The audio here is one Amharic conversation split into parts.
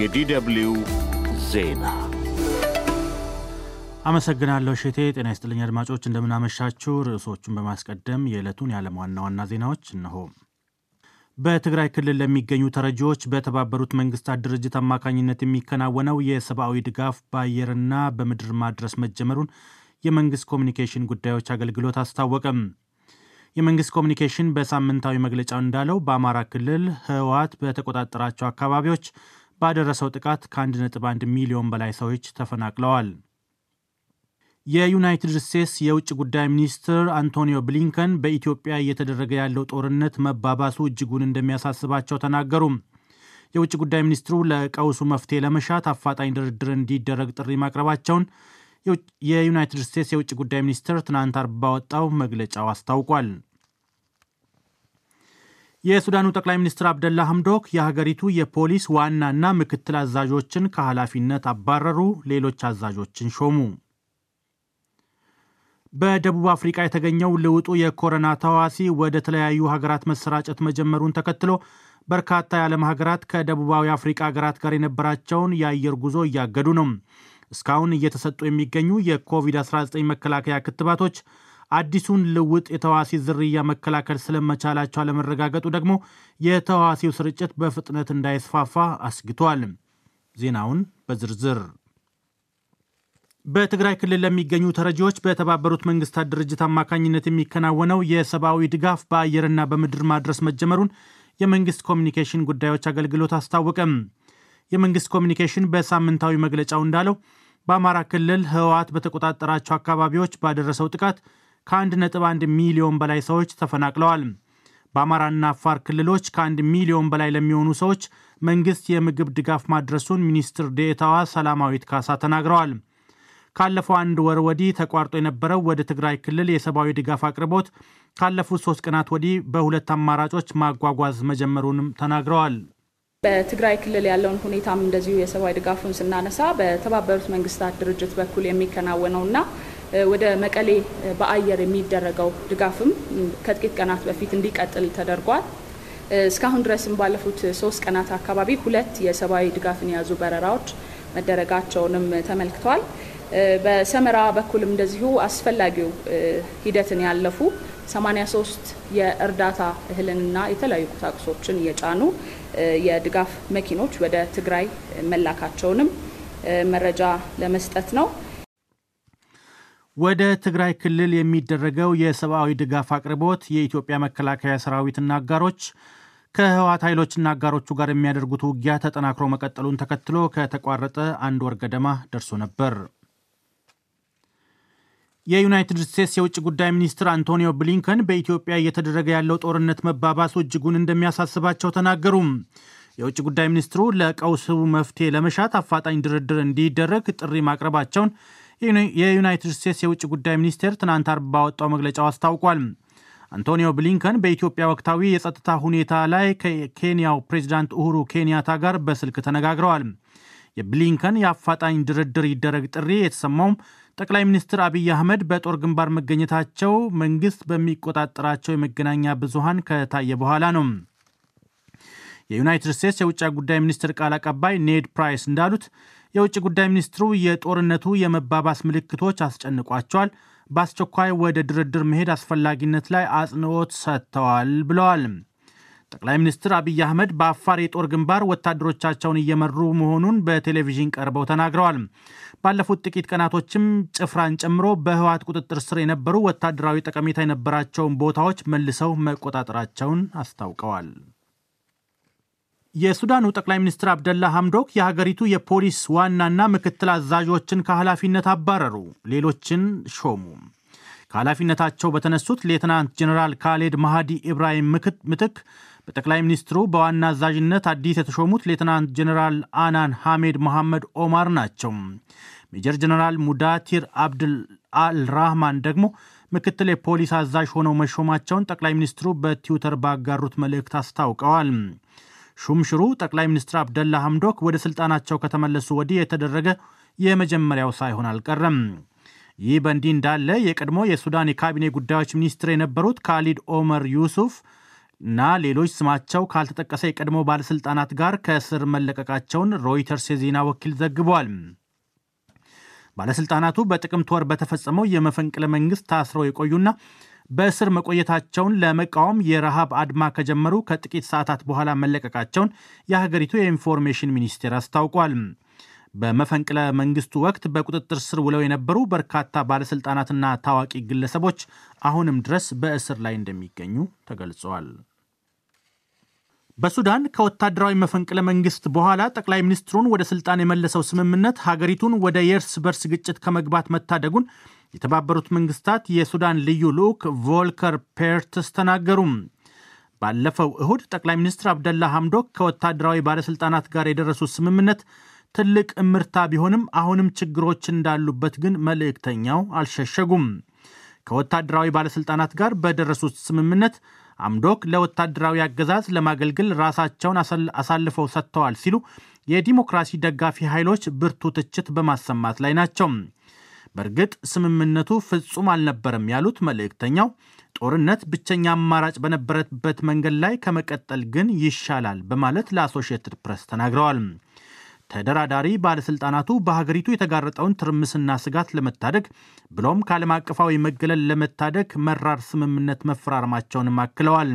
የዲደብሊው ዜና አመሰግናለሁ ሼቴ። ጤና ይስጥልኝ አድማጮች፣ እንደምናመሻችው ርዕሶቹን በማስቀደም የዕለቱን የዓለም ዋና ዋና ዜናዎች እነሆ። በትግራይ ክልል ለሚገኙ ተረጂዎች በተባበሩት መንግስታት ድርጅት አማካኝነት የሚከናወነው የሰብአዊ ድጋፍ በአየርና በምድር ማድረስ መጀመሩን የመንግስት ኮሚኒኬሽን ጉዳዮች አገልግሎት አስታወቀም። የመንግስት ኮሚኒኬሽን በሳምንታዊ መግለጫው እንዳለው በአማራ ክልል ህወት በተቆጣጠራቸው አካባቢዎች ባደረሰው ጥቃት ከ1.1 ሚሊዮን በላይ ሰዎች ተፈናቅለዋል። የዩናይትድ ስቴትስ የውጭ ጉዳይ ሚኒስትር አንቶኒዮ ብሊንከን በኢትዮጵያ እየተደረገ ያለው ጦርነት መባባሱ እጅጉን እንደሚያሳስባቸው ተናገሩ። የውጭ ጉዳይ ሚኒስትሩ ለቀውሱ መፍትሄ ለመሻት አፋጣኝ ድርድር እንዲደረግ ጥሪ ማቅረባቸውን የዩናይትድ ስቴትስ የውጭ ጉዳይ ሚኒስትር ትናንት አርብ ባወጣው መግለጫው አስታውቋል። የሱዳኑ ጠቅላይ ሚኒስትር አብደላ ሐምዶክ የሀገሪቱ የፖሊስ ዋናና ምክትል አዛዦችን ከኃላፊነት አባረሩ፣ ሌሎች አዛዦችን ሾሙ። በደቡብ አፍሪቃ የተገኘው ልውጡ የኮሮና ተዋሲ ወደ ተለያዩ ሀገራት መሰራጨት መጀመሩን ተከትሎ በርካታ የዓለም ሀገራት ከደቡባዊ አፍሪቃ ሀገራት ጋር የነበራቸውን የአየር ጉዞ እያገዱ ነው። እስካሁን እየተሰጡ የሚገኙ የኮቪድ-19 መከላከያ ክትባቶች አዲሱን ልውጥ የተዋሲ ዝርያ መከላከል ስለመቻላቸው አለመረጋገጡ ደግሞ የተዋሲው ስርጭት በፍጥነት እንዳይስፋፋ አስግቷል። ዜናውን በዝርዝር በትግራይ ክልል ለሚገኙ ተረጂዎች በተባበሩት መንግስታት ድርጅት አማካኝነት የሚከናወነው የሰብአዊ ድጋፍ በአየርና በምድር ማድረስ መጀመሩን የመንግስት ኮሚኒኬሽን ጉዳዮች አገልግሎት አስታወቀም። የመንግስት ኮሚኒኬሽን በሳምንታዊ መግለጫው እንዳለው በአማራ ክልል ህወሓት በተቆጣጠራቸው አካባቢዎች ባደረሰው ጥቃት ከ1.1 ሚሊዮን በላይ ሰዎች ተፈናቅለዋል። በአማራና አፋር ክልሎች ከ1 ሚሊዮን በላይ ለሚሆኑ ሰዎች መንግስት የምግብ ድጋፍ ማድረሱን ሚኒስትር ዴኤታዋ ሰላማዊት ካሳ ተናግረዋል። ካለፈው አንድ ወር ወዲህ ተቋርጦ የነበረው ወደ ትግራይ ክልል የሰብአዊ ድጋፍ አቅርቦት ካለፉት ሶስት ቀናት ወዲህ በሁለት አማራጮች ማጓጓዝ መጀመሩንም ተናግረዋል። በትግራይ ክልል ያለውን ሁኔታም እንደዚሁ የሰብአዊ ድጋፉን ስናነሳ በተባበሩት መንግስታት ድርጅት በኩል የሚከናወነውና ወደ መቀሌ በአየር የሚደረገው ድጋፍም ከጥቂት ቀናት በፊት እንዲቀጥል ተደርጓል። እስካሁን ድረስም ባለፉት ሶስት ቀናት አካባቢ ሁለት የሰብአዊ ድጋፍን የያዙ በረራዎች መደረጋቸውንም ተመልክቷል። በሰመራ በኩልም እንደዚሁ አስፈላጊው ሂደትን ያለፉ 83 የእርዳታ እህልንና የተለያዩ ቁሳቁሶችን እየጫኑ የድጋፍ መኪኖች ወደ ትግራይ መላካቸውንም መረጃ ለመስጠት ነው። ወደ ትግራይ ክልል የሚደረገው የሰብአዊ ድጋፍ አቅርቦት የኢትዮጵያ መከላከያ ሰራዊትና አጋሮች ከህወሓት ኃይሎችና አጋሮቹ ጋር የሚያደርጉት ውጊያ ተጠናክሮ መቀጠሉን ተከትሎ ከተቋረጠ አንድ ወር ገደማ ደርሶ ነበር። የዩናይትድ ስቴትስ የውጭ ጉዳይ ሚኒስትር አንቶኒዮ ብሊንከን በኢትዮጵያ እየተደረገ ያለው ጦርነት መባባሱ እጅጉን እንደሚያሳስባቸው ተናገሩም። የውጭ ጉዳይ ሚኒስትሩ ለቀውሱ መፍትሄ ለመሻት አፋጣኝ ድርድር እንዲደረግ ጥሪ ማቅረባቸውን የዩናይትድ ስቴትስ የውጭ ጉዳይ ሚኒስቴር ትናንት አርብ ባወጣው መግለጫው አስታውቋል። አንቶኒዮ ብሊንከን በኢትዮጵያ ወቅታዊ የጸጥታ ሁኔታ ላይ ከኬንያው ፕሬዚዳንት ኡሁሩ ኬንያታ ጋር በስልክ ተነጋግረዋል። የብሊንከን የአፋጣኝ ድርድር ይደረግ ጥሪ የተሰማው ጠቅላይ ሚኒስትር አብይ አህመድ በጦር ግንባር መገኘታቸው መንግስት በሚቆጣጠራቸው የመገናኛ ብዙሃን ከታየ በኋላ ነው። የዩናይትድ ስቴትስ የውጭ ጉዳይ ሚኒስትር ቃል አቀባይ ኔድ ፕራይስ እንዳሉት የውጭ ጉዳይ ሚኒስትሩ የጦርነቱ የመባባስ ምልክቶች አስጨንቋቸዋል፣ በአስቸኳይ ወደ ድርድር መሄድ አስፈላጊነት ላይ አጽንኦት ሰጥተዋል ብለዋል። ጠቅላይ ሚኒስትር አብይ አህመድ በአፋር የጦር ግንባር ወታደሮቻቸውን እየመሩ መሆኑን በቴሌቪዥን ቀርበው ተናግረዋል። ባለፉት ጥቂት ቀናቶችም ጭፍራን ጨምሮ በህወሓት ቁጥጥር ስር የነበሩ ወታደራዊ ጠቀሜታ የነበራቸውን ቦታዎች መልሰው መቆጣጠራቸውን አስታውቀዋል። የሱዳኑ ጠቅላይ ሚኒስትር አብደላ ሐምዶክ የሀገሪቱ የፖሊስ ዋናና ምክትል አዛዦችን ከኃላፊነት አባረሩ፣ ሌሎችን ሾሙ። ከኃላፊነታቸው በተነሱት ሌትናንት ጀኔራል ካሌድ ማሃዲ ኢብራሂም ምትክ በጠቅላይ ሚኒስትሩ በዋና አዛዥነት አዲስ የተሾሙት ሌትናንት ጀኔራል አናን ሐሜድ መሐመድ ኦማር ናቸው። ሜጀር ጀኔራል ሙዳቲር አብድል አልራህማን ደግሞ ምክትል የፖሊስ አዛዥ ሆነው መሾማቸውን ጠቅላይ ሚኒስትሩ በትዊተር ባጋሩት መልእክት አስታውቀዋል። ሹምሽሩ ጠቅላይ ሚኒስትር አብደላ ሐምዶክ ወደ ስልጣናቸው ከተመለሱ ወዲህ የተደረገ የመጀመሪያው ሳይሆን አልቀረም። ይህ በእንዲህ እንዳለ የቀድሞ የሱዳን የካቢኔ ጉዳዮች ሚኒስትር የነበሩት ካሊድ ኦመር ዩሱፍ እና ሌሎች ስማቸው ካልተጠቀሰ የቀድሞ ባለሥልጣናት ጋር ከእስር መለቀቃቸውን ሮይተርስ የዜና ወኪል ዘግቧል። ባለሥልጣናቱ በጥቅምት ወር በተፈጸመው የመፈንቅለ መንግሥት ታስረው የቆዩና በእስር መቆየታቸውን ለመቃወም የረሃብ አድማ ከጀመሩ ከጥቂት ሰዓታት በኋላ መለቀቃቸውን የሀገሪቱ የኢንፎርሜሽን ሚኒስቴር አስታውቋል። በመፈንቅለ መንግስቱ ወቅት በቁጥጥር ስር ውለው የነበሩ በርካታ ባለሥልጣናትና ታዋቂ ግለሰቦች አሁንም ድረስ በእስር ላይ እንደሚገኙ ተገልጸዋል። በሱዳን ከወታደራዊ መፈንቅለ መንግስት በኋላ ጠቅላይ ሚኒስትሩን ወደ ስልጣን የመለሰው ስምምነት ሀገሪቱን ወደ የእርስ በርስ ግጭት ከመግባት መታደጉን የተባበሩት መንግስታት የሱዳን ልዩ ልዑክ ቮልከር ፔርትስ ተናገሩ። ባለፈው እሁድ ጠቅላይ ሚኒስትር አብደላ ሐምዶክ ከወታደራዊ ባለሥልጣናት ጋር የደረሱት ስምምነት ትልቅ እምርታ ቢሆንም አሁንም ችግሮች እንዳሉበት ግን መልእክተኛው አልሸሸጉም። ከወታደራዊ ባለሥልጣናት ጋር በደረሱት ስምምነት አምዶክ ለወታደራዊ አገዛዝ ለማገልገል ራሳቸውን አሳልፈው ሰጥተዋል ሲሉ የዲሞክራሲ ደጋፊ ኃይሎች ብርቱ ትችት በማሰማት ላይ ናቸው። በእርግጥ ስምምነቱ ፍጹም አልነበረም ያሉት መልእክተኛው ጦርነት ብቸኛ አማራጭ በነበረበት መንገድ ላይ ከመቀጠል ግን ይሻላል በማለት ለአሶሽትድ ፕሬስ ተናግረዋል። ተደራዳሪ ባለሥልጣናቱ በሀገሪቱ የተጋረጠውን ትርምስና ስጋት ለመታደግ ብሎም ከዓለም አቀፋዊ መገለል ለመታደግ መራር ስምምነት መፈራረማቸውንም አክለዋል።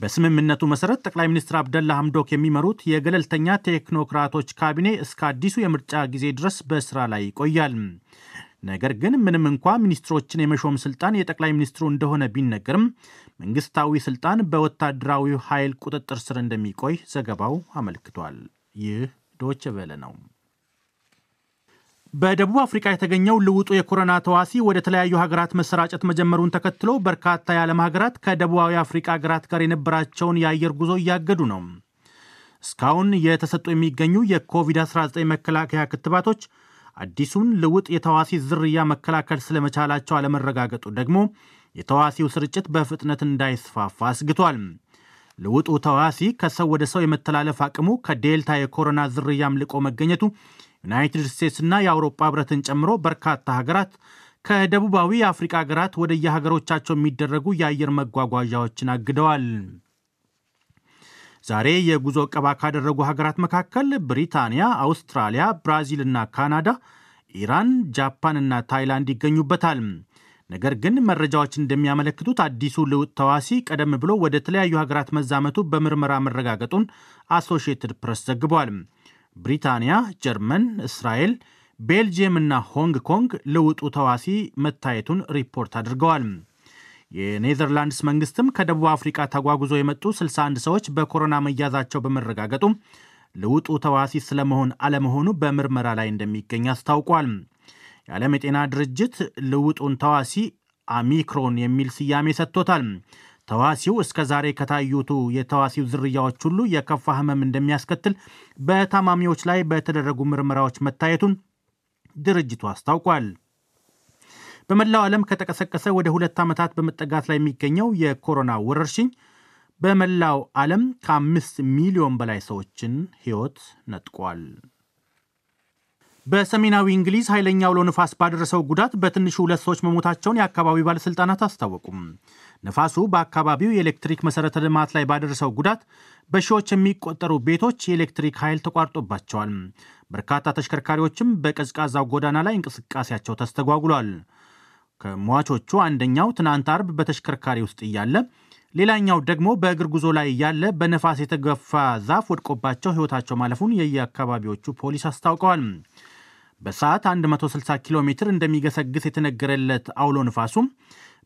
በስምምነቱ መሰረት ጠቅላይ ሚኒስትር አብደላ ሀምዶክ የሚመሩት የገለልተኛ ቴክኖክራቶች ካቢኔ እስከ አዲሱ የምርጫ ጊዜ ድረስ በስራ ላይ ይቆያል። ነገር ግን ምንም እንኳ ሚኒስትሮችን የመሾም ስልጣን የጠቅላይ ሚኒስትሩ እንደሆነ ቢነገርም መንግስታዊ ስልጣን በወታደራዊ ኃይል ቁጥጥር ስር እንደሚቆይ ዘገባው አመልክቷል። ይህ ዶይቼ ቬለ ነው። በደቡብ አፍሪካ የተገኘው ልውጡ የኮሮና ተዋሲ ወደ ተለያዩ ሀገራት መሰራጨት መጀመሩን ተከትሎ በርካታ የዓለም ሀገራት ከደቡባዊ አፍሪካ ሀገራት ጋር የነበራቸውን የአየር ጉዞ እያገዱ ነው። እስካሁን የተሰጡ የሚገኙ የኮቪድ-19 መከላከያ ክትባቶች አዲሱን ልውጥ የተዋሲ ዝርያ መከላከል ስለመቻላቸው አለመረጋገጡ ደግሞ የተዋሲው ስርጭት በፍጥነት እንዳይስፋፋ አስግቷል። ልውጡ ተዋሲ ከሰው ወደ ሰው የመተላለፍ አቅሙ ከዴልታ የኮሮና ዝርያም ልቆ መገኘቱ ዩናይትድ ስቴትስና የአውሮፓ ህብረትን ጨምሮ በርካታ ሀገራት ከደቡባዊ የአፍሪቃ ሀገራት ወደ የሀገሮቻቸው የሚደረጉ የአየር መጓጓዣዎችን አግደዋል። ዛሬ የጉዞ ቀባ ካደረጉ ሀገራት መካከል ብሪታንያ፣ አውስትራሊያ፣ እና ካናዳ፣ ኢራን፣ ጃፓን እና ታይላንድ ይገኙበታል። ነገር ግን መረጃዎች እንደሚያመለክቱት አዲሱ ልውጥ ተዋሲ ቀደም ብሎ ወደ ተለያዩ ሀገራት መዛመቱ በምርመራ መረጋገጡን አሶሺየትድ ፕሬስ ዘግቧል። ብሪታንያ፣ ጀርመን፣ እስራኤል፣ ቤልጅየም እና ሆንግ ኮንግ ለውጡ ተዋሲ መታየቱን ሪፖርት አድርገዋል። የኔዘርላንድስ መንግስትም ከደቡብ አፍሪካ ተጓጉዞ የመጡ 61 ሰዎች በኮሮና መያዛቸው በመረጋገጡ ልውጡ ተዋሲ ስለመሆን አለመሆኑ በምርመራ ላይ እንደሚገኝ አስታውቋል። የዓለም የጤና ድርጅት ልውጡን ተዋሲ ኦሚክሮን የሚል ስያሜ ሰጥቶታል። ተዋሲው እስከ ዛሬ ከታዩቱ የተዋሲው ዝርያዎች ሁሉ የከፋ ህመም እንደሚያስከትል በታማሚዎች ላይ በተደረጉ ምርመራዎች መታየቱን ድርጅቱ አስታውቋል። በመላው ዓለም ከተቀሰቀሰ ወደ ሁለት ዓመታት በመጠጋት ላይ የሚገኘው የኮሮና ወረርሽኝ በመላው ዓለም ከአምስት ሚሊዮን በላይ ሰዎችን ሕይወት ነጥቋል። በሰሜናዊ እንግሊዝ ኃይለኛ አውሎ ንፋስ ባደረሰው ጉዳት በትንሹ ሁለት ሰዎች መሞታቸውን የአካባቢው ባለሥልጣናት አስታወቁም። ነፋሱ በአካባቢው የኤሌክትሪክ መሠረተ ልማት ላይ ባደረሰው ጉዳት በሺዎች የሚቆጠሩ ቤቶች የኤሌክትሪክ ኃይል ተቋርጦባቸዋል። በርካታ ተሽከርካሪዎችም በቀዝቃዛው ጎዳና ላይ እንቅስቃሴያቸው ተስተጓጉሏል። ከሟቾቹ አንደኛው ትናንት አርብ በተሽከርካሪ ውስጥ እያለ ሌላኛው ደግሞ በእግር ጉዞ ላይ ያለ በነፋስ የተገፋ ዛፍ ወድቆባቸው ሕይወታቸው ማለፉን የየአካባቢዎቹ ፖሊስ አስታውቀዋል። በሰዓት 160 ኪሎ ሜትር እንደሚገሰግስ የተነገረለት አውሎ ንፋሱም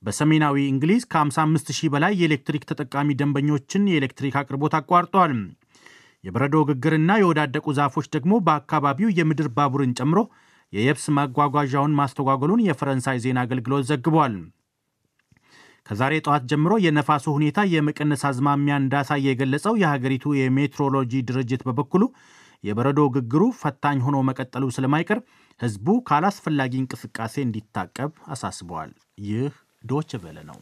በሰሜናዊ እንግሊዝ ከ55 ሺህ በላይ የኤሌክትሪክ ተጠቃሚ ደንበኞችን የኤሌክትሪክ አቅርቦት አቋርጧል። የበረዶ ግግርና የወዳደቁ ዛፎች ደግሞ በአካባቢው የምድር ባቡርን ጨምሮ የየብስ ማጓጓዣውን ማስተጓጎሉን የፈረንሳይ ዜና አገልግሎት ዘግቧል። ከዛሬ ጠዋት ጀምሮ የነፋሱ ሁኔታ የመቀነስ አዝማሚያ እንዳሳየ የገለጸው የሀገሪቱ የሜትሮሎጂ ድርጅት በበኩሉ የበረዶ ግግሩ ፈታኝ ሆኖ መቀጠሉ ስለማይቀር ህዝቡ ካላስፈላጊ እንቅስቃሴ እንዲታቀብ አሳስበዋል። ይህ ዶች በለ ነው።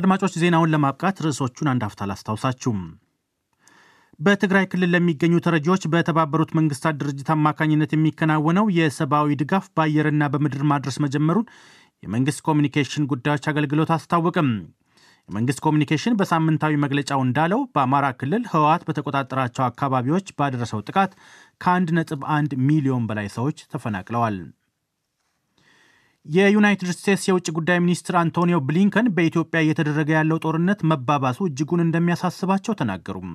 አድማጮች ዜናውን ለማብቃት ርዕሶቹን አንድ አፍታ ላስታውሳችሁም። በትግራይ ክልል ለሚገኙ ተረጂዎች በተባበሩት መንግስታት ድርጅት አማካኝነት የሚከናወነው የሰብአዊ ድጋፍ በአየርና በምድር ማድረስ መጀመሩን የመንግሥት ኮሚኒኬሽን ጉዳዮች አገልግሎት አስታወቅም። የመንግሥት ኮሚኒኬሽን በሳምንታዊ መግለጫው እንዳለው በአማራ ክልል ህወሓት በተቆጣጠራቸው አካባቢዎች ባደረሰው ጥቃት ከ1.1 ሚሊዮን በላይ ሰዎች ተፈናቅለዋል። የዩናይትድ ስቴትስ የውጭ ጉዳይ ሚኒስትር አንቶኒዮ ብሊንከን በኢትዮጵያ እየተደረገ ያለው ጦርነት መባባሱ እጅጉን እንደሚያሳስባቸው ተናገሩም።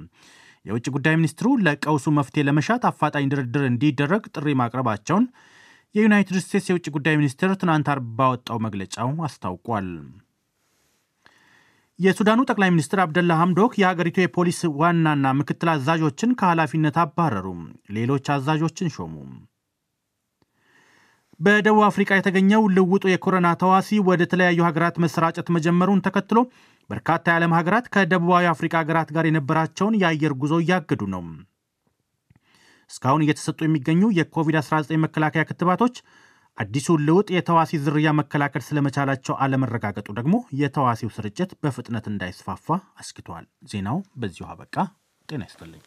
የውጭ ጉዳይ ሚኒስትሩ ለቀውሱ መፍትሄ ለመሻት አፋጣኝ ድርድር እንዲደረግ ጥሪ ማቅረባቸውን የዩናይትድ ስቴትስ የውጭ ጉዳይ ሚኒስትር ትናንት አርብ ባወጣው መግለጫው አስታውቋል። የሱዳኑ ጠቅላይ ሚኒስትር አብደላ ሐምዶክ የሀገሪቱ የፖሊስ ዋናና ምክትል አዛዦችን ከኃላፊነት አባረሩ፣ ሌሎች አዛዦችን ሾሙ። በደቡብ አፍሪካ የተገኘው ልውጡ የኮሮና ተዋሲ ወደ ተለያዩ ሀገራት መሰራጨት መጀመሩን ተከትሎ በርካታ የዓለም ሀገራት ከደቡባዊ አፍሪካ ሀገራት ጋር የነበራቸውን የአየር ጉዞ እያገዱ ነው። እስካሁን እየተሰጡ የሚገኙ የኮቪድ-19 መከላከያ ክትባቶች አዲሱን ልውጥ የተዋሲ ዝርያ መከላከል ስለመቻላቸው አለመረጋገጡ ደግሞ የተዋሲው ስርጭት በፍጥነት እንዳይስፋፋ አስግቷል። ዜናው በዚሁ አበቃ። ጤና ይስጥልኝ።